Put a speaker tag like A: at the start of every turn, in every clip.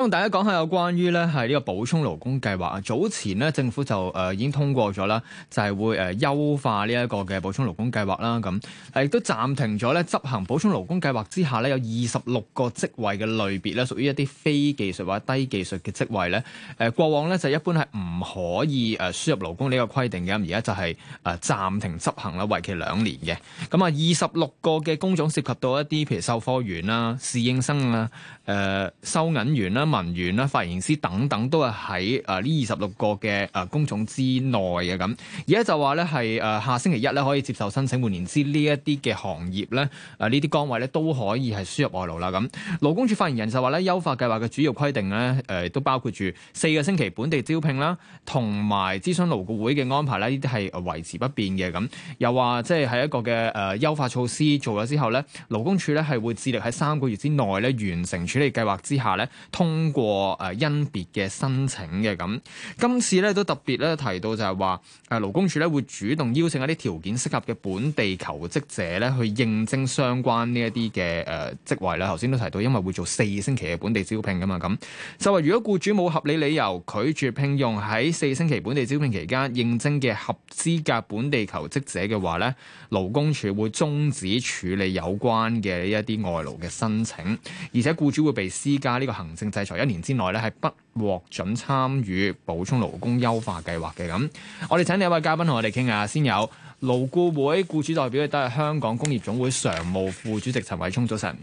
A: 同大家講下有關於咧，係呢個補充勞工計劃啊，早前咧政府就誒、呃、已經通過咗啦，就係會誒優化呢一個嘅補充勞工計劃啦。咁亦都暫停咗咧執行補充勞工計劃之下咧，有二十六個職位嘅類別咧，屬於一啲非技術或者低技術嘅職位咧。誒、呃，過往咧就一般係唔可以誒輸入勞工呢個規定嘅，咁而家就係誒暫停執行啦，為期兩年嘅。咁啊，二十六個嘅工種涉及到一啲譬如售貨員啦、啊、侍應生啦、啊誒、呃、收銀員啦、文員啦、發言師等等，都係喺誒呢二十六個嘅誒工種之內嘅咁。而家就話咧係誒下星期一咧可以接受申請，換言之，呢一啲嘅行業咧誒呢啲崗位咧都可以係輸入外勞啦咁。勞工處發言人就話咧，優化計劃嘅主要規定咧誒、呃、都包括住四個星期本地招聘啦，同埋諮詢勞顧會嘅安排咧，呢啲係維持不變嘅咁。又話即係喺一個嘅誒優化措施做咗之後咧，勞工處咧係會致力喺三個月之內咧完成。呢個計劃之下咧，通過誒恩、呃、別嘅申請嘅咁，今次咧都特別咧提到就係話，誒勞工處咧會主動邀請一啲條件適合嘅本地求職者咧去應徵相關呢一啲嘅誒職位啦。頭先都提到，因為會做四星期嘅本地招聘噶嘛咁，就話如果僱主冇合理理由拒絕聘用喺四星期本地招聘期間應徵嘅合資格本地求職者嘅話咧，勞工處會終止處理有關嘅呢一啲外勞嘅申請，而且僱主都會被施加呢個行政制裁，一年之內呢係不獲准參與補充勞工優化計劃嘅。咁，我哋請另一位嘉賓同我哋傾下，先有勞顧會僱主代表，亦都係香港工業總會常務副主席陳偉聰，早晨。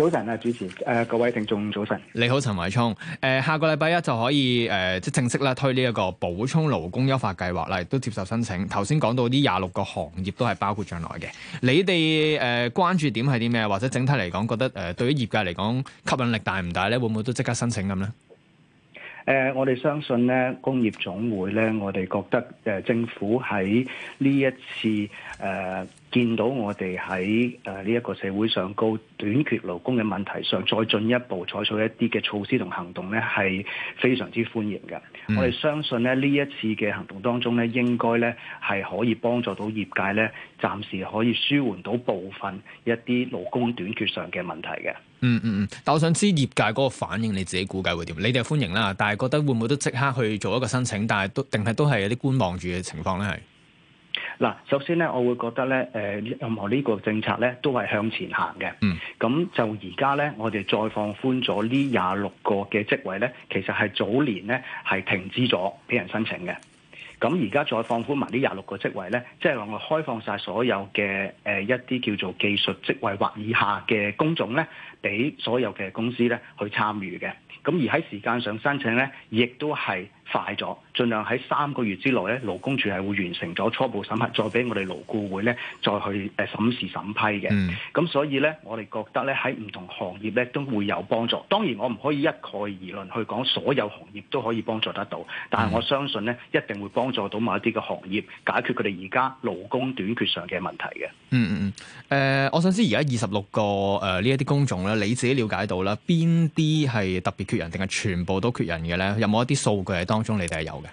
B: 早晨啊，主持誒、呃，各位聽眾早
A: 晨。你好，陳偉聰。誒、呃，下個禮拜一就可以誒，即、呃、正式啦，推呢一個補充勞工優化計劃啦，亦都接受申請。頭先講到啲廿六個行業都係包括進來嘅。你哋誒、呃、關注點係啲咩？或者整體嚟講，覺得誒、呃、對於業界嚟講吸引力大唔大咧？會唔會都即刻申請咁咧？
B: 誒、呃，我哋相信咧，工業總會咧，我哋覺得誒、呃，政府喺呢一次誒。呃見到我哋喺誒呢一個社會上高短缺勞工嘅問題上，再進一步採取一啲嘅措施同行動呢，係非常之歡迎嘅。我哋相信咧呢一次嘅行動當中呢，應該呢係可以幫助到業界呢，暫時可以舒緩到部分
A: 一啲勞工短缺上嘅問題嘅、嗯。嗯嗯嗯，但我想知道業界嗰個反應，你自己估計會點？你哋歡迎啦，但係覺得會唔會都即刻去做一個申請？但係都定係都係有啲觀望住嘅情況呢？係。
B: 嗱，首先咧，我會覺得咧，誒，任何呢個政策咧，都係向前行嘅。嗯，咁就而家咧，我哋再放寬咗呢廿六個嘅職位咧，其實係早年咧係停止咗俾人申請嘅。咁而家再放寬埋呢廿六個職位咧，即係我開放晒所有嘅誒一啲叫做技術職位或以下嘅工種咧，俾所有嘅公司咧去參與嘅。咁而喺時間上申請咧，亦都係，快咗，儘量喺三個月之內咧，勞工處係會完成咗初步審核，再俾我哋勞顧會咧再去誒審視審批嘅。咁、嗯、所以咧，我哋覺得咧喺唔同行業咧都會有幫助。當然我唔可以一概而論去講所有行業都可以幫助得到，但係我相信咧一定會幫助到某一啲嘅行業解決佢哋而家勞工短缺上嘅問題嘅。嗯
A: 嗯嗯。誒、呃，我想知而家二十六個誒呢一啲工種咧，你自己了解到啦，邊啲係特別缺人定係全部都缺人嘅咧？有冇一啲數據係當中？當中你哋係有嘅，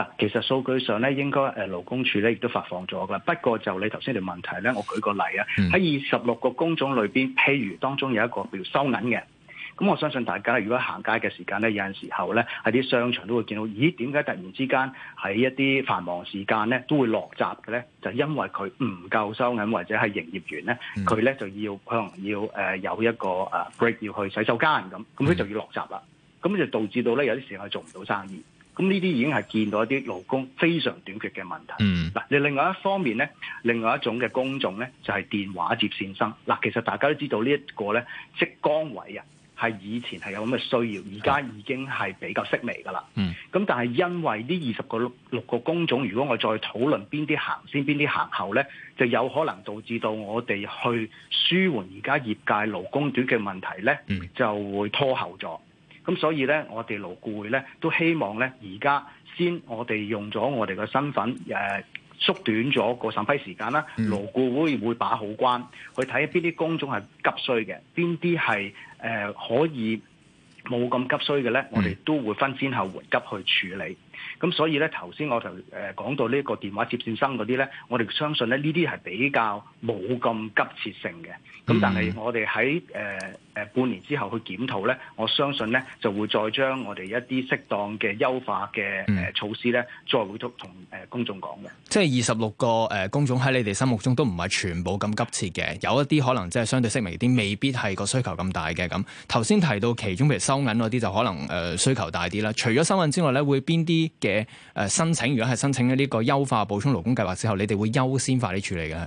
A: 嗱，其實
B: 數據上咧，應該誒勞工處咧亦都發放咗㗎。不過就你頭先條問題咧，我舉個例啊，喺二十六個工種裏邊，譬如當中有一個叫收銀嘅，咁我相信大家如果行街嘅時間咧，有陣時候咧喺啲商場都會見到，咦？點解突然之間喺一啲繁忙時間咧都會落閘嘅咧？就因為佢唔夠收銀或者係營業員咧，佢咧就要可能要誒有一個誒 break 要去洗手間咁，咁佢就要落閘啦。咁就導致到咧有啲時候係做唔到生意，咁呢啲已經係見到一啲勞工非常短缺嘅問題。嗱、mm.，另外一方面咧，另外一種嘅工種咧就係電話接線生。嗱，其實大家都知道呢一個咧即崗位啊，係以前係有咁嘅需要，而家已經係比較式微㗎啦。咁、mm. 但係因為呢二十個六個工種，如果我再討論邊啲行先、邊啲行後咧，就有可能導致到我哋去舒緩而家業界勞工短缺問題咧，就會拖後咗。咁所以咧，我哋勞顧會咧都希望咧，而家先我哋用咗我哋嘅身份，誒、呃、縮短咗個審批時間啦。勞顧會會把好關，去睇下邊啲工種係急需嘅，邊啲係誒可以冇咁急需嘅咧，我哋都會分先後緩急去處理。咁所以咧，頭先我頭誒講到呢個電話接線生嗰啲咧，我哋相信咧呢啲係比較冇咁急切性嘅。咁但係我哋喺誒誒半年之後去檢討咧，我相信咧就會再將我哋一啲適當嘅優化嘅誒、呃、措施咧，再會同誒公眾講嘅。
A: 即係二十六個誒、呃、工種喺你哋心目中都唔係全部咁急切嘅，有一啲可能即係相對細微啲，未必係個需求咁大嘅。咁頭先提到其中譬如收銀嗰啲就可能誒、呃、需求大啲啦。除咗收銀之外咧，會邊啲嘅？誒，申請如果係申請咧呢個優化補充勞工計劃之後，你哋會優先快啲處理嘅係。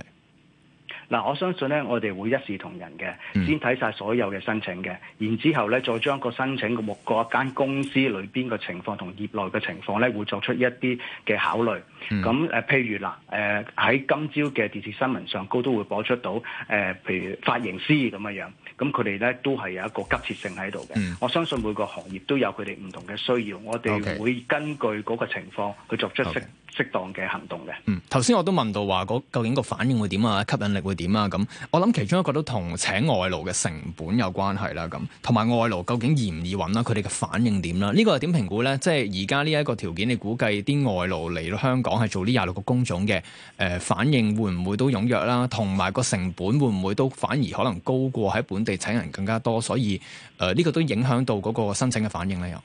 A: 嗱，我
B: 相信咧，我哋會一視同仁嘅，先睇晒所有嘅申請嘅，然之後咧，再將個申請嘅目過一間公司裏邊嘅情況同業內嘅情況咧，會作出一啲嘅考慮。咁、嗯、譬如嗱，誒、呃、喺今朝嘅電視新聞上高都會播出到誒、呃，譬如髮型師咁樣樣，咁佢哋咧都係有一個急切性喺度嘅。我相信每個行業都有佢哋唔同嘅需要，我哋會根據嗰個情況去作出適。Okay, okay. 適當嘅行動嘅。
A: 嗯，頭先我都問到話，究竟個反應會點啊？吸引力會點啊？咁我諗其中一個都同請外勞嘅成本有關係啦。咁同埋外勞究竟易唔易揾啦？佢哋嘅反應點啦？呢、這個又點評估咧？即係而家呢一個條件，你估計啲外勞嚟到香港係做呢廿六個工種嘅，誒、呃、反應會唔會都踴躍啦？同埋個成本會唔會都反而可能高過喺本地請人更加多？所以誒呢、呃這個都影響到嗰個申請嘅反應咧？又。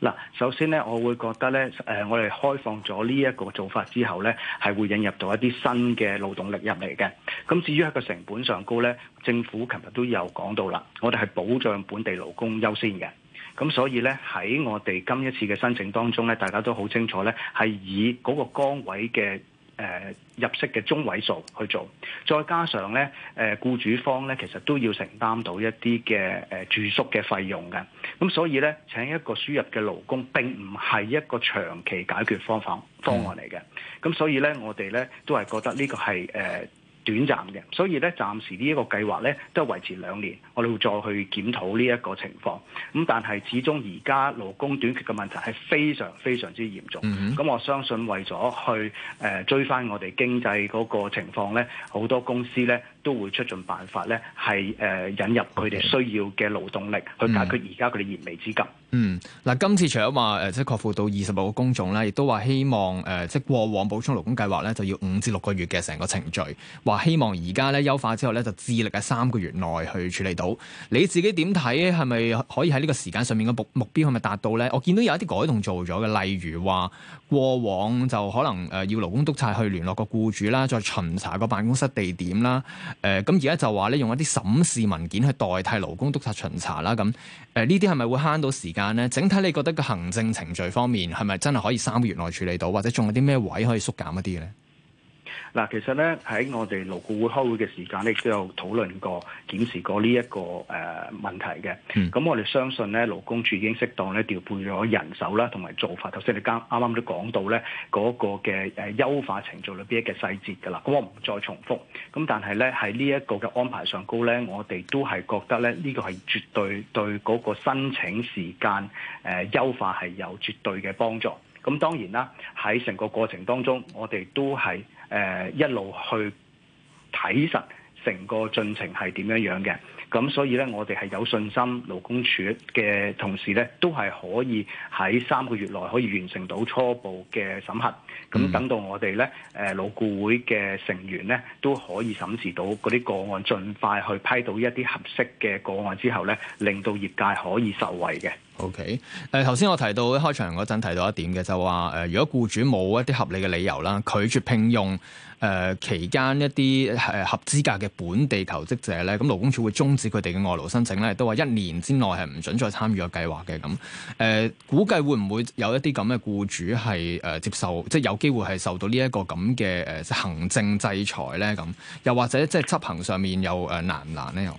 A: 嗱，
B: 首先咧，我會覺得咧，誒，我哋開放咗呢一個做法之後咧，係會引入到一啲新嘅勞動力入嚟嘅。咁至於喺個成本上高咧，政府琴日都有講到啦，我哋係保障本地勞工優先嘅。咁所以咧，喺我哋今一次嘅申請當中咧，大家都好清楚咧，係以嗰個崗位嘅。誒，入息嘅中位數去做，再加上咧，誒僱主方咧，其實都要承擔到一啲嘅誒住宿嘅費用嘅，咁所以咧，請一個輸入嘅勞工並唔係一個長期解決方法方案嚟嘅，咁所以咧，我哋咧，都係覺得呢個係誒。呃短暫嘅，所以咧暫時呢一個計劃咧都係維持兩年，我哋會再去檢討呢一個情況。咁但係始終而家勞工短缺嘅問題係非常非常之嚴重。咁我相信為咗去誒、呃、追翻我哋經濟嗰個情況咧，好多公司咧。都會出盡辦法咧，係誒引入佢哋需要嘅勞動力，去解決而家佢哋燃眉之急。嗯，
A: 嗱、嗯，今次除咗話誒，即係擴闊到二十六個工種咧，亦都話希望誒，即係過往補充勞工計劃咧，就要五至六個月嘅成個程序，話希望而家咧優化之後咧，就致力喺三個月內去處理到。你自己點睇？係咪可以喺呢個時間上面嘅目目標係咪達到咧？我見到有一啲改動做咗嘅，例如話，過往就可能要勞工督察去聯絡個雇主啦，再巡查個辦公室地點啦，誒咁而家就話咧用一啲審視文件去代替勞工督察巡查啦，咁誒呢啲係咪會慳到時間咧？整體你覺得個行政程序方面係咪真係可以三個月內處理到，或者仲有啲咩位可以縮減一啲咧？
B: 嗱，其實咧喺我哋勞顧會開會嘅時間咧，亦都有討論過、檢視過呢一個誒問題嘅。咁、嗯、我哋相信咧，勞工處已經適當咧調配咗人手啦，同埋做法。頭先你剛啱啱都講到咧嗰個嘅誒優化程序裏邊嘅細節噶啦，咁我唔再重複。咁但係咧喺呢一個嘅安排上高咧，我哋都係覺得咧呢個係絕對對嗰個申請時間誒、呃、優化係有絕對嘅幫助。咁當然啦，喺成個過程當中，我哋都係。誒、呃，一路去睇實成個進程係點樣樣嘅。咁所以咧，我哋係有信心勞工處嘅同事咧，都係可以喺三個月內可以完成到初步嘅審核。咁等到我哋咧，誒勞顧會嘅成員咧，都可以審視到嗰啲個案，盡快去批到一啲合適嘅個案之後咧，令到業界可以受惠嘅。
A: OK，誒頭先我提到開場嗰陣提到一點嘅，就話誒、呃、如果僱主冇一啲合理嘅理由啦，拒絕聘用。誒、呃、期間一啲合資格嘅本地求職者咧，咁勞工處會終止佢哋嘅外勞申請咧，都話一年之內係唔準再參與個計劃嘅咁。誒、呃、估計會唔會有一啲咁嘅僱主係、呃、接受，即有機會係受到呢一個咁嘅行政制裁咧？咁又或者即係執行上面又誒難唔難咧？又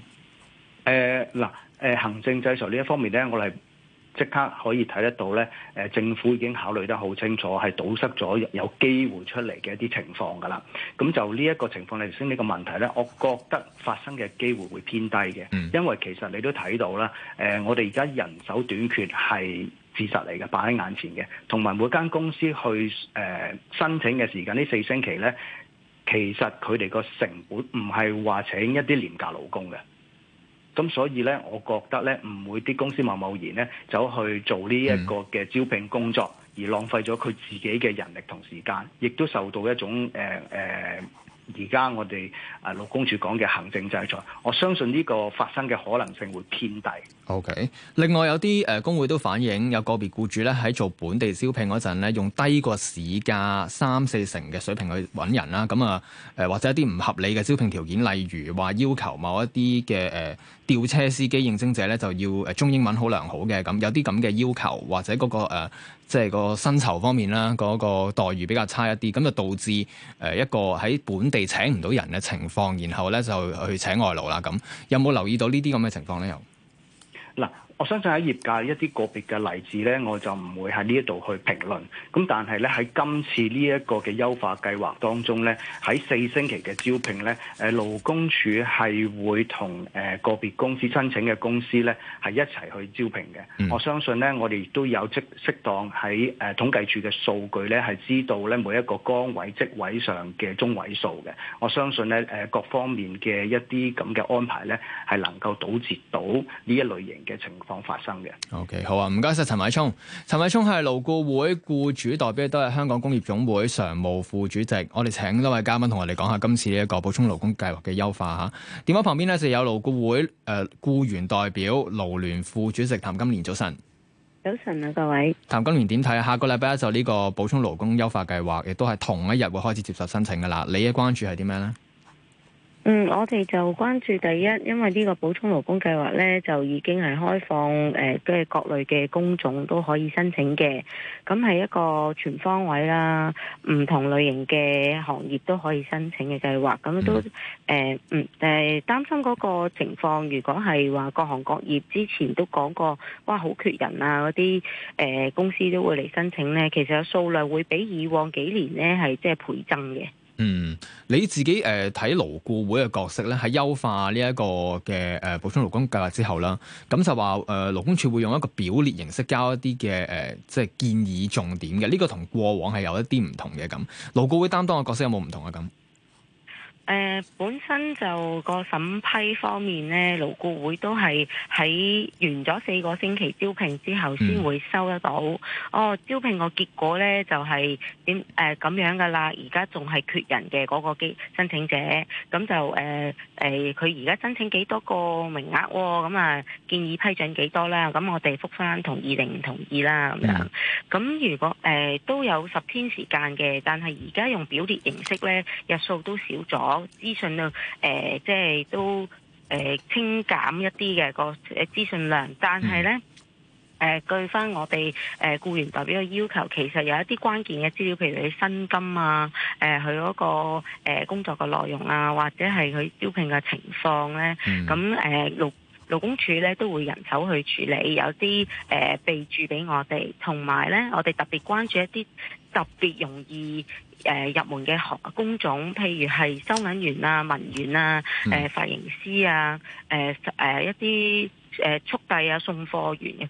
B: 嗱誒行政制裁呢一方面咧，我哋。即刻可以睇得到咧，誒政府已經考慮得好清楚，係堵塞咗有機會出嚟嘅一啲情況噶啦。咁就呢一個情況嚟，先呢個問題咧，我覺得發生嘅機會會偏低嘅，嗯，因為其實你都睇到啦，誒我哋而家人手短缺係事實嚟嘅，擺喺眼前嘅，同埋每間公司去誒、呃、申請嘅時間呢四星期咧，其實佢哋個成本唔係話請一啲廉價勞工嘅。咁所以咧，我覺得咧，唔會啲公司貿貿然咧，走去做呢一個嘅招聘工作，而浪費咗佢自己嘅人力同時間，亦都受到一種誒誒。呃呃而家我哋誒勞工處講嘅行政制裁，我相信呢個發生嘅可能性會偏低。
A: OK，另外有啲誒工會都反映，有個別僱主咧喺做本地招聘嗰陣咧，用低過市價三四成嘅水平去揾人啦。咁啊誒或者一啲唔合理嘅招聘條件，例如話要求某一啲嘅誒吊車司機應徵者咧，就要誒中英文好良好嘅。咁有啲咁嘅要求，或者嗰個誒即係個薪酬方面啦，嗰個待遇比較差一啲，咁就導致誒一個喺本地。嚟請唔到人嘅情況，然後咧就去請外勞啦。咁有冇留意到呢啲咁嘅情況咧？有
B: 嗱。我相信喺業界一啲個別嘅例子咧，我就唔會喺呢一度去評論，咁但係咧喺今次呢一個嘅優化計劃當中咧，喺四星期嘅招聘咧，誒勞工處係會同誒個別公司申請嘅公司咧係一齊去招聘嘅。mm. 我相信咧，我哋亦都有即適當喺誒統計處嘅數據咧係知道咧，每一個崗位職位上嘅中位數嘅。我相信咧，誒各方面嘅一啲咁嘅安排咧係能夠堵截到呢一類型嘅情況。
A: 講發生嘅。OK，好啊，唔該晒陳偉聰。陳偉聰係勞顧會僱主代表，都係香港工業總會常務副主席。我哋請多位嘉賓同我哋講下今次呢一個補充勞工計劃嘅優化吓。電話旁邊呢就有勞顧會誒呃、僱員代表勞聯副主席譚金蓮，早晨。早晨
C: 啊，各位。
A: 譚金蓮點睇下個禮拜一就呢個補充勞工優化計劃，亦都係同一日會開始接受申請㗎喇。你嘅關注係點樣呢？
C: 嗯，我哋就關注第一，因為呢個補充勞工計劃呢，就已經係開放誒，即、呃、係各類嘅工種都可以申請嘅。咁係一個全方位啦，唔同類型嘅行業都可以申請嘅計劃。咁都誒，嗯、呃、誒、呃，擔心嗰個情況，如果係話各行各業之前都講過，哇，好缺人啊！嗰啲誒公司都會嚟申請呢，其實有數量會比以往幾年呢係即係倍增嘅。是
A: 嗯，你自己誒睇勞顧會嘅角色咧，喺優化呢一個嘅誒、呃、補充勞工計劃之後啦，咁就話誒勞工處會用一個表列形式交一啲嘅、呃、即係建議重點嘅呢、呢個同過往係有一啲唔同嘅咁，勞顧會擔當嘅角色有冇唔同啊？咁。
C: 誒、呃、本身就個審批方面咧，勞顧會都係喺完咗四個星期招聘之後先會收得到、嗯。哦，招聘個結果咧就係點誒咁樣噶啦，而家仲係缺人嘅嗰個申請者，咁就誒誒佢而家申請幾多個名額、哦？咁啊建議批准幾多啦？咁我哋覆翻同意定唔同意啦咁、嗯、樣咁如果誒、呃、都有十天時間嘅，但係而家用表列形式咧日數都少咗。資訊量誒，即係都誒清、呃、減一啲嘅個資訊量，但係咧誒，據翻我哋誒僱員代表嘅要求，其實有一啲關鍵嘅資料，譬如你薪金啊，誒佢嗰個誒工作嘅內容啊，或者係佢招聘嘅情況咧，咁誒勞勞工處咧都會人手去處理，有啲誒備註俾我哋，同埋咧我哋特別關注一啲。特別容易誒入門嘅工種，譬如係收銀員啊、文員啊、誒髮型師啊、誒誒一啲誒速遞啊、送貨員嘅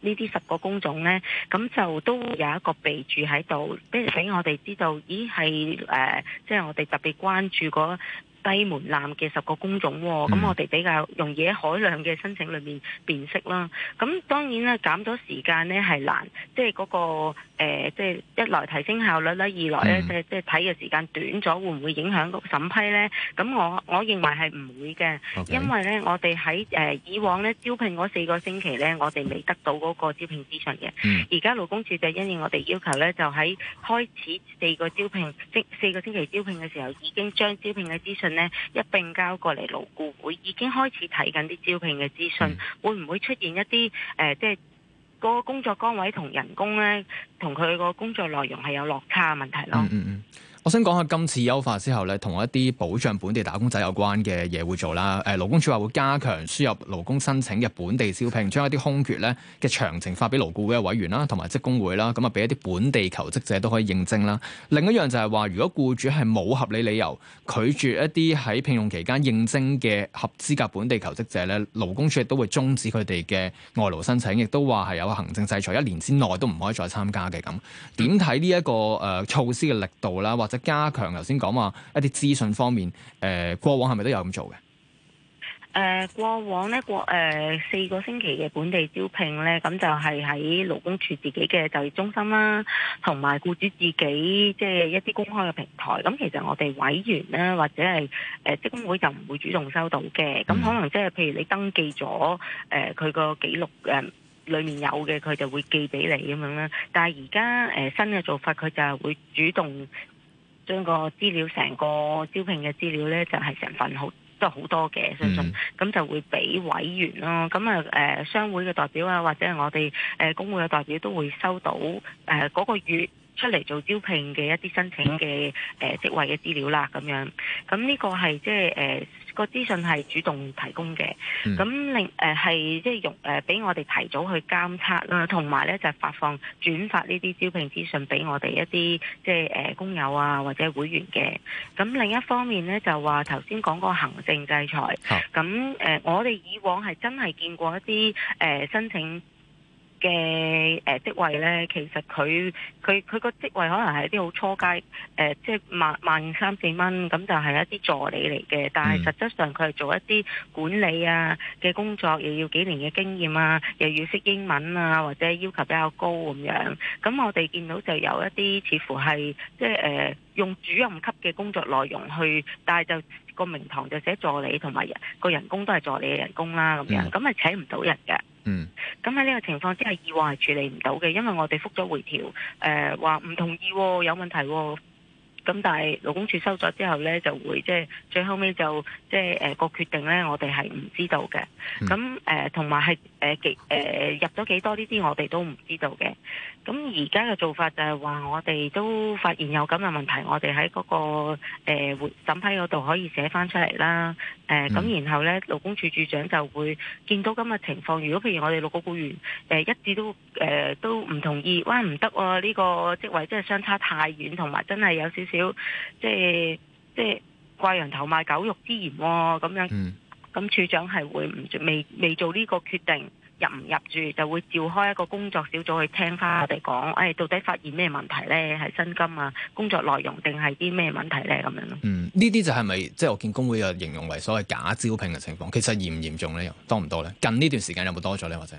C: 呢啲十個工種咧，咁就都有一個備註喺度，俾俾我哋知道，咦係誒、呃，即係我哋特別關注、嗰個低門檻嘅十個工種，哦，咁我哋比較容易喺海量嘅申請裏面辨識啦。咁當然咧，減咗時間呢係難，即係嗰個即係、呃即係、一來提升效率啦，二來呢，即係即係睇嘅時間短咗，會唔會影響嗰個審批呢？咁我我認為係唔會嘅，okay。因為呢，我哋喺誒以往呢，招聘嗰四個星期呢，我哋未得到嗰個招聘資訊嘅。而家勞工處就因應我哋要求呢，就喺開始四個招聘即四個星期招聘嘅時候，已經將招聘嘅資訊。一併交過嚟，勞顧會已經開始睇緊啲招聘嘅資訊，嗯、會唔會出現一啲誒、呃，即係嗰個工作崗位同人工咧，同佢個工作內容係有落差嘅
A: 問題咯。嗯，嗯。嗯我想講下今次優化之後咧，同一啲保障本地打工仔有關嘅嘢會做啦。誒、呃，勞工處話會加強輸入勞工申請嘅本地招聘，將一啲空缺咧嘅詳情發俾勞顧會嘅委員啦，同埋職工會啦，咁啊俾一啲本地求職者都可以認證啦。另一樣就係話，如果雇主係冇合理理由拒絕一啲喺聘用期間認證嘅合資格本地求職者咧，勞工處亦都會中止佢哋嘅外勞申請，亦都話係有行政制裁，一年之內都唔可以再參加嘅咁。點睇呢一個、呃、措施嘅力度啦，或者？加強，頭先講話一啲資訊方面，誒過往係咪都有咁做嘅？
C: 誒過往呢，過誒四個星期嘅本地招聘咧，咁就係喺勞工處自己嘅就業中心啦，同埋僱主自己，即係一啲公開嘅平台。咁其實我哋委員咧，或者係誒職工會就唔會主動收到嘅。咁可能即係譬如你登記咗，誒佢個記錄誒裏面有嘅，佢就會寄俾你咁樣啦。但係而家誒新嘅做法，佢就係會主動。將個資料成個招聘嘅資料呢，就係成份好都好多嘅，相信咁就會俾委員咯。咁啊誒，商會嘅代表啊，或者係我哋誒工會嘅代表都會收到誒嗰個月，出嚟做招聘嘅一啲申請嘅誒職位嘅資料啦，咁樣。咁呢個係即係誒個資訊係主動提供嘅。咁、嗯、另誒係即係用誒俾、呃、我哋提早去監測啦，同埋咧就是、發放轉發呢啲招聘資訊俾我哋一啲即係誒工友啊或者會員嘅。咁另一方面咧就話頭先講過行政制裁。咁、哦、誒、呃、我哋以往係真係見過一啲誒、呃、申請。嘅誒、呃、職位呢，其實佢佢佢個職位可能係一啲好初階誒，即係萬萬三四蚊，咁就係、是、一啲助理嚟嘅。但係實質上佢係做一啲管理啊嘅工作，又要幾年嘅經驗啊，又要識英文啊，或者要求比較高咁樣。咁我哋見到就有一啲似乎係即係用主任級嘅工作內容去帶，但係就個名堂就寫助理，同埋個人工都係助理嘅人工啦咁樣。咁、嗯、係請唔到人嘅。嗯，咁喺呢個情況之下，以往係處理唔到嘅，因為我哋覆咗回條，誒話唔同意喎，有問題喎、哦。咁但係勞工處收咗之後咧，就會即係最後尾就即係誒個決定咧，我哋係唔知道嘅。咁誒同埋係誒幾誒入咗幾多呢啲，我哋都唔知道嘅。咁而家嘅做法就係話，我哋都發現有咁嘅問題，我哋喺嗰個誒審、呃、批嗰度可以寫翻出嚟啦。咁、呃嗯、然後咧，勞工處處長就會見到咁嘅情況。如果譬如我哋六個僱員誒、呃、一直都誒、呃、都唔同意，哇唔得喎！呢、啊這個職位真係相差太遠，同埋真係有少少。即係即係掛羊頭賣狗肉之嫌喎，咁樣咁處長係會唔未未做呢個決定入唔入住，就會召開一個工作小組去聽翻我哋講，誒到底發現咩問題咧？係薪金啊，工作內容定係啲咩問題咧？咁樣咯。
A: 嗯，呢啲就係咪即係我見工會又形容為所謂假招聘嘅情況？其實嚴唔嚴重咧？又多唔多咧？近呢段時間有冇多咗咧？或者？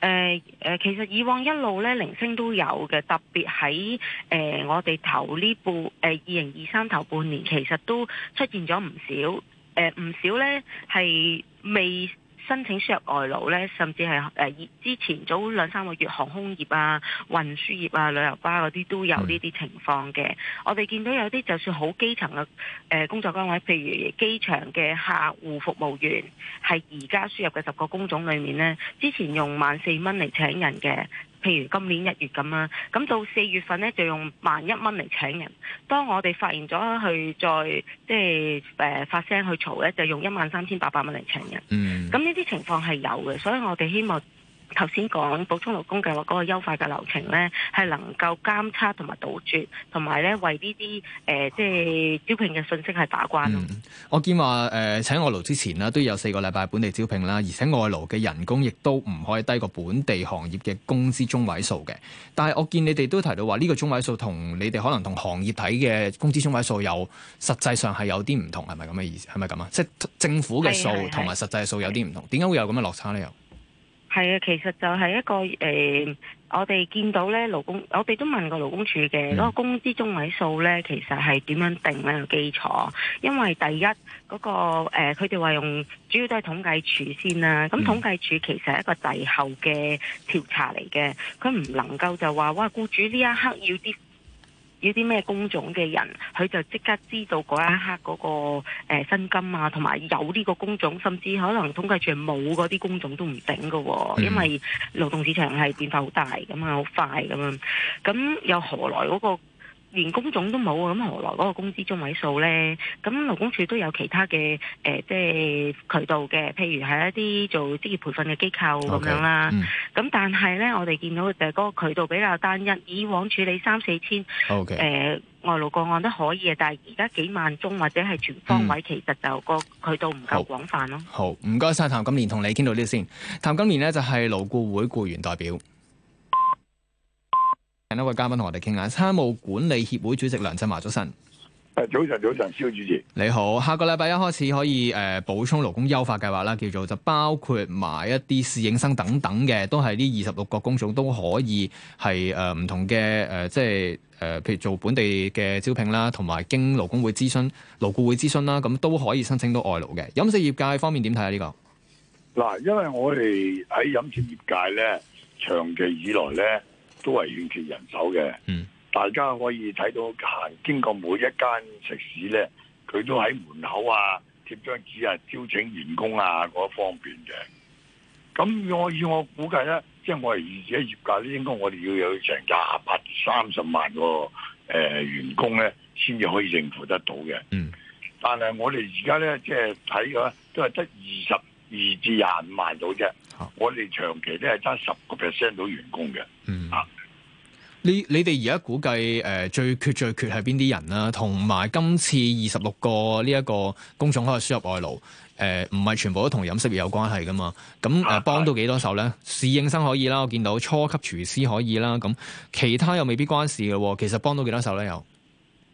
C: 誒，誒，其實以往一路咧，零星都有嘅，特別喺誒我哋頭呢半誒二零二三頭半年，其實都出現咗唔少，誒、呃，唔少咧，係未。申請輸入外勞呢，甚至係之前早兩三個月航空業啊、運輸業啊、旅遊巴嗰啲都有呢啲情況嘅。我哋見到有啲就算好基層嘅工作崗位，譬如機場嘅客戶服務員，係而家輸入嘅十個工種裏面呢，之前用萬四蚊嚟請人嘅。譬如今年一月咁啦，咁到四月份咧就用萬一蚊嚟請人。當我哋發現咗去再即係誒發聲去嘈咧，就用一萬三千八百蚊嚟請人。嗯，咁呢啲情況係有嘅，所以我哋希望。頭先講補充勞工計劃嗰個優化嘅流程咧，係能夠監測同埋杜絕，同埋咧為呢啲誒即係招聘嘅信息係把關、嗯、
A: 我見話誒、呃、請外勞之前呢，都有四個禮拜本地招聘啦，而且外勞嘅人工亦都唔可以低過本地行業嘅工資中位數嘅。但係我見你哋都提到話呢個中位數同你哋可能同行業睇嘅工資中位數有實際上係有啲唔同，係咪咁嘅意思？係咪咁啊？即係、這個就是、政府嘅數同埋實際嘅數有啲唔同，點解會有咁嘅落差咧？又？
C: 係啊，其實就係一個誒、呃，我哋見到咧勞工，我哋都問過勞工處嘅嗰個工資中位數咧，其實係點樣定咧個基礎？因為第一嗰、那個誒，佢哋話用主要都係統計處先啦、啊。咁統計處其實係一個滯後嘅調查嚟嘅，佢唔能夠就話哇，僱主呢一刻要啲。要啲咩工種嘅人，佢就即刻知道嗰一刻嗰，嗰個、呃、薪金啊，同埋有呢個工種，甚至可能統計住冇嗰啲工種都唔頂噶喎，啊，因為勞動市場係變化好大噶嘛，好快噶嘛，咁又何來嗰，嗰個？連工種都冇啊，咁何來嗰個工資中位數呢？咁勞工處都有其他嘅誒、呃，即係渠道嘅，譬如係一啲做職業培訓嘅機構咁樣啦。咁、okay. 但係呢，我哋見到就嗰個渠道比較單一。以往處理三四千、okay. 呃、外勞個案都可以啊，但係而家幾萬宗或者係全方位，嗯、其實就個渠道唔夠廣泛咯。
A: 好，唔該晒，譚金蓮同你傾到呢度先。譚金蓮呢，就係勞顧會僱員代表。另一位嘉賓同我哋傾下餐務管理協會主席梁振華早晨。
D: 誒，早晨，早晨，肖主席，
A: 你好。下個禮拜一開始可以誒補、呃、充勞工優化計劃啦，叫做就包括埋一啲侍應生等等嘅，都係呢二十六個工種都可以係誒唔同嘅誒即係誒，譬如做本地嘅招聘啦，同埋經勞工會諮詢勞顧會諮詢啦，咁都可以申請到外勞嘅。飲食業界方面點睇啊？呢個
D: 嗱，因為我哋喺飲食業界咧，長期以來咧。都係遠期人手嘅、嗯，大家可以睇到行，經過每一間食肆咧，佢都喺門口啊貼張紙啊招請員工啊嗰、那個、方便嘅。咁我以我估計咧，即、就、係、是、我係業界業界咧，應該我哋要有成廿八三十萬個誒、呃、員工咧，先至可以應付得到嘅。嗯，但係我哋而家咧即係睇嘅都係得二十。二至廿五萬到啫、啊，我哋長期都係爭十個 percent 到員工嘅。嗯、
A: 啊、你你哋而家估計誒、呃、最缺最缺係邊啲人啦、啊？同埋今次二十六個呢一個工種，可以輸入外勞，誒唔係全部都同飲食業有關係噶嘛？咁誒幫到幾多手咧？侍、啊、應生可以啦，我見到初級廚師可以啦，咁其他又未必關事嘅。其實幫到幾多手咧？又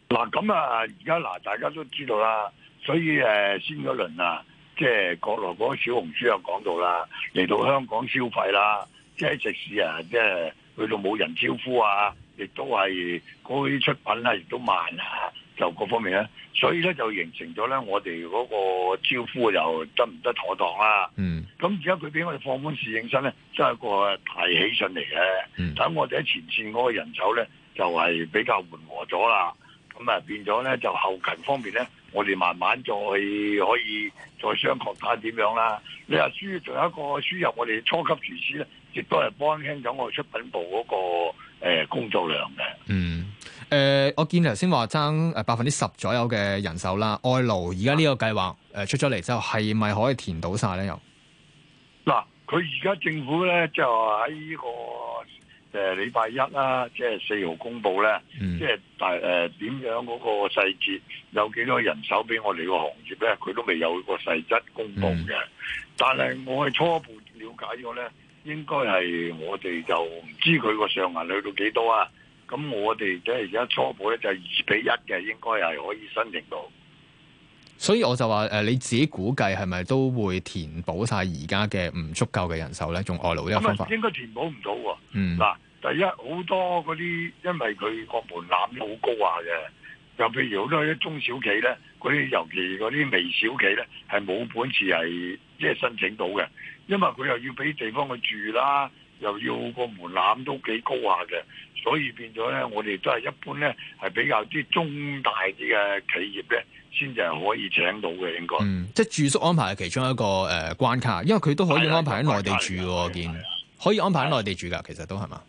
D: 嗱咁啊，而家嗱大家都知道啦，所以誒先嗰輪啊。即係國內嗰個小紅書又講到啦，嚟到香港消費啦，即係食肆啊，即係去到冇人招呼啊，亦都係嗰啲出品亦都慢啊，就各方面咧，所以咧就形成咗咧，我哋嗰個招呼又得唔得妥當啦？嗯，咁而家佢俾我哋放寬侍應生咧，真係一個大喜訊嚟嘅。但，嗯，等我哋喺前線嗰個人手咧，就係比較緩和咗啦。咁啊變咗咧，就後勤方面咧。我哋慢慢再可以再商榷睇下點樣啦。你話輸仲有一個輸入，我哋初級廚師咧，亦都係幫輕咗我哋出品部嗰、那個、呃、工作量嘅。嗯，
A: 誒、呃，我見頭先話爭誒百分之十左右嘅人手啦，外勞而家呢個計劃誒、嗯呃、出咗嚟之後，係咪可以填到晒咧？又
D: 嗱，佢而家政府咧就喺呢、這個。誒、呃，禮拜一啦，即係四號公布咧、嗯，即係大誒，點、呃、樣嗰個細節，有幾多人手俾我哋個行業咧，佢都未有個細則公布嘅、嗯。但係我係初步了解咗咧，應該係我哋就唔知佢個上限去到幾多啊。咁我哋即係而家初步咧就係二比一嘅，應該係可以申請到。
A: 所以我就話誒、呃，你自己估計係咪都會填補晒而家嘅唔足夠嘅人手咧？用外勞呢個方法係咪應
D: 該填補唔到。嗯，
A: 嗱。
D: 第一好多嗰啲，因為佢個門檻都好高下嘅。又譬如好多啲中小企咧，嗰啲尤其嗰啲微小企咧，係冇本事係即係申請到嘅。因為佢又要俾地方去住啦，又要個門檻都幾高下嘅，所以變咗咧，我哋都係一般咧，係比較啲中大啲嘅企業咧，先至係可以請到嘅應該。
A: 嗯，即係住宿安排係其中一個誒關卡，因為佢都可以安排喺內地住喎。我見可以安排喺內地住㗎，其實都係嘛。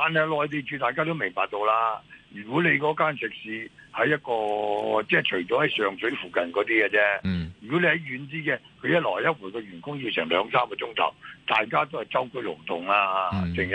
D: 但係內地住，大家都明白到啦。如果你嗰間食肆喺一個即係除咗喺上水附近嗰啲嘅啫，如果你喺遠啲嘅，佢一來一回個員工要成兩三個鐘頭，大家都係舟車勞頓啦、啊，成、嗯、日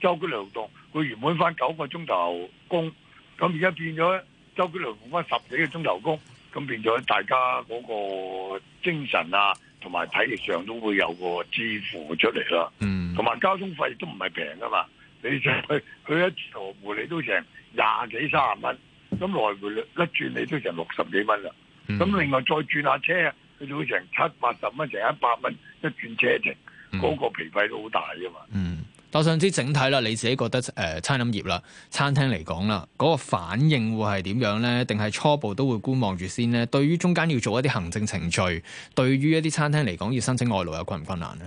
D: 舟車勞頓，佢原本返九個鐘頭工，咁而家變咗舟車勞頓返十幾個鐘頭工，咁變咗大家嗰個精神啊，同埋體力上都會有個支付出嚟啦。嗯，同埋交通費都唔係平㗎嘛。你上去去一途回你都成廿幾三十蚊，咁來回率一轉你都成六十幾蚊啦。咁、嗯、另外再轉下車，佢就會成七八十蚊，成一百蚊一轉車程，嗰、那個疲費，都好大啊嘛。
A: 嗯，我想知整體啦，你自己覺得誒餐飲業啦，餐廳嚟講啦，嗰、那個反應會係點樣咧？定係初步都會觀望住先呢？對於中間要做一啲行政程序，對於一啲餐廳嚟講，要申請外勞有困唔困難咧？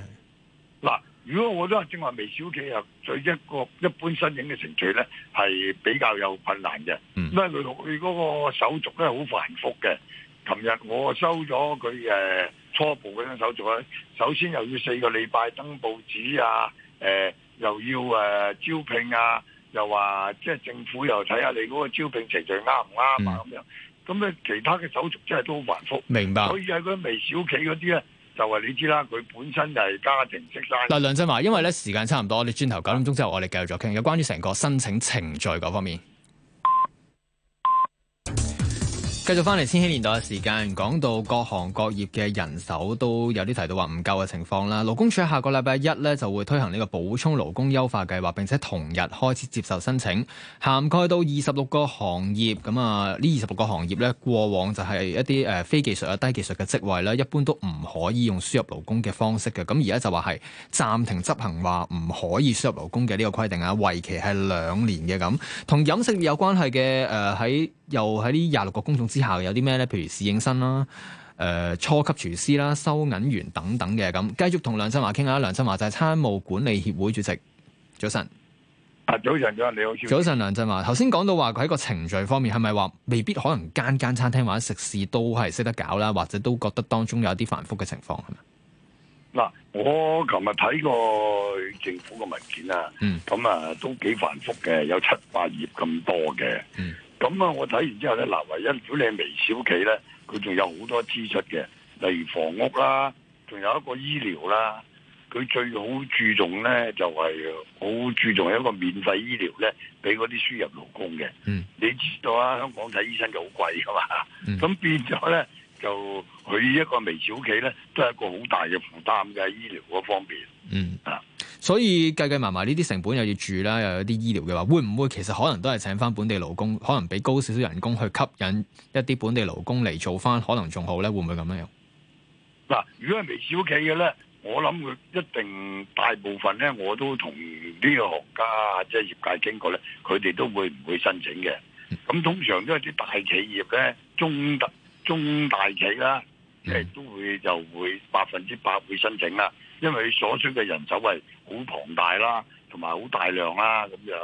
D: 嗱。如果我都話正話微小企對一個一般申請嘅程序咧，係比較有困難嘅、嗯。因為，佢佢嗰個手續咧好繁複嘅。琴日我收咗佢誒初步嗰張手續咧，首先又要四個禮拜登報紙啊，誒、呃、又要誒招聘啊，又話即係政府又睇下你嗰個招聘程序啱唔啱啊咁樣。咁咧其他嘅手續真係都好繁複，明白。所以喺嗰微小企嗰啲咧。就係你知啦，佢本身就係家庭式生。嗱，梁
A: 振華，因為咧時間差唔多，你轉頭九點鐘之後，我哋繼續再傾，有關於成個申請程序嗰方面。繼續翻嚟千禧年代嘅時間，講到各行各業嘅人手都有啲提到話唔夠嘅情況啦。勞工處喺下個禮拜一咧就會推行呢個補充勞工優化計劃，並且同日開始接受申請，涵蓋到二十六個行業。咁啊，呢二十六個行業咧過往就係一啲誒非技術啊低技術嘅職位啦，一般都唔可以用輸入勞工嘅方式嘅。咁而家就話係暫停執行話唔可以輸入勞工嘅呢個規定啊，為期係兩年嘅咁。同飲食有關係嘅誒喺。呃又喺呢廿六個工種之下，有啲咩咧？譬如侍應生啦，誒、呃、初級廚師啦，收銀員等等嘅，咁，繼續同梁振華傾下。梁振華就係餐務管理協會主席早。早晨，
D: 早晨，早晨你好，早晨，
A: 梁振華。頭先講到話佢喺個程序方面，係咪話未必可能間間餐廳或者食肆都係識得搞啦，或者都覺得當中有啲繁複嘅情況係咪？
D: 嗱，我琴日睇過政府嘅文件啊，咁、嗯、啊都幾繁複嘅，有七八頁咁多嘅。嗯咁啊，我睇完之後咧，嗱，唯一如果你係微小企咧，佢仲有好多支出嘅，例如房屋啦，仲有一個醫療啦，佢最好注重咧就係、是、好注重一個免費醫療咧，俾嗰啲輸入勞工嘅。嗯、mm.，你知道啊，香港睇醫生就好貴㗎嘛。咁、mm. 變咗咧，就佢一個微小企咧，都係一個好大嘅負擔嘅醫療嗰方面。嗯，啊。
A: 所以計計埋埋呢啲成本又要住啦，又有啲醫療嘅話，會唔會其實可能都係請翻本地勞工，可能俾高少少人工去吸引一啲本地勞工嚟做翻，可能仲好咧？會唔會咁樣樣？
D: 嗱，如果係微小企嘅咧，我諗佢一定大部分咧，我都同呢個學家即係、就是、業界傾過咧，佢哋都會唔會申請嘅？咁、嗯、通常都係啲大企業咧，中大中大企啦，即係都會就會百分之百會申請啦。因為佢所需嘅人手係好龐大啦，同埋好大量啦咁樣。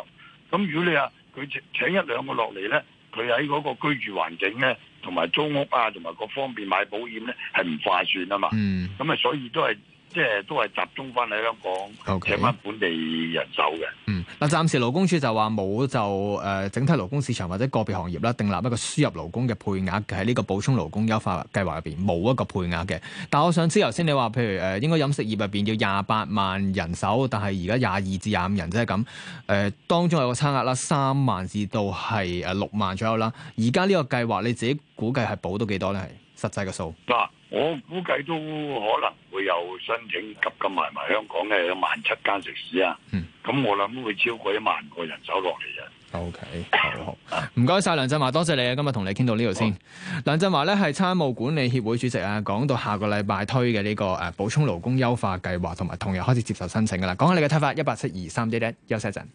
D: 咁如果你話佢請一兩個落嚟呢，佢喺嗰個居住環境呢，同埋租屋啊，同埋各方面買保險呢，係唔劃算啊嘛。咁、嗯、啊，所以都係。即係都
B: 係集中翻
A: 喺香港
D: 請乜、okay. 本地人
A: 手嘅。嗯，嗱，暫時勞工處就話冇就誒整體勞工市場或者個別行業啦，訂立一個輸入勞工嘅配額嘅，喺呢個補充勞工優化計劃入邊冇一個配額嘅。但我想知，頭先你話譬如誒、呃、應該飲食業入邊要廿八萬人手，但係而家廿二至廿五人，即係咁。誒、呃，當中有個差額啦，三萬至到係誒六萬左右啦。而家呢個計劃你自己估計係補到幾多咧？係？實際嘅數嗱，
D: 我估計都可能會有申請急急埋埋香港嘅一萬七間食肆啊，咁我諗會超過一萬個人走落
A: 嚟嘅。O K，好唔該晒梁振華，多謝你啊！今日同你傾到呢度先。梁振華咧係餐務管理協會主席啊，講到下個禮拜推嘅呢個誒補充勞工優化計劃，和同埋同日開始接受申請噶啦。講下你嘅睇法，一八七二三一一，休息一陣。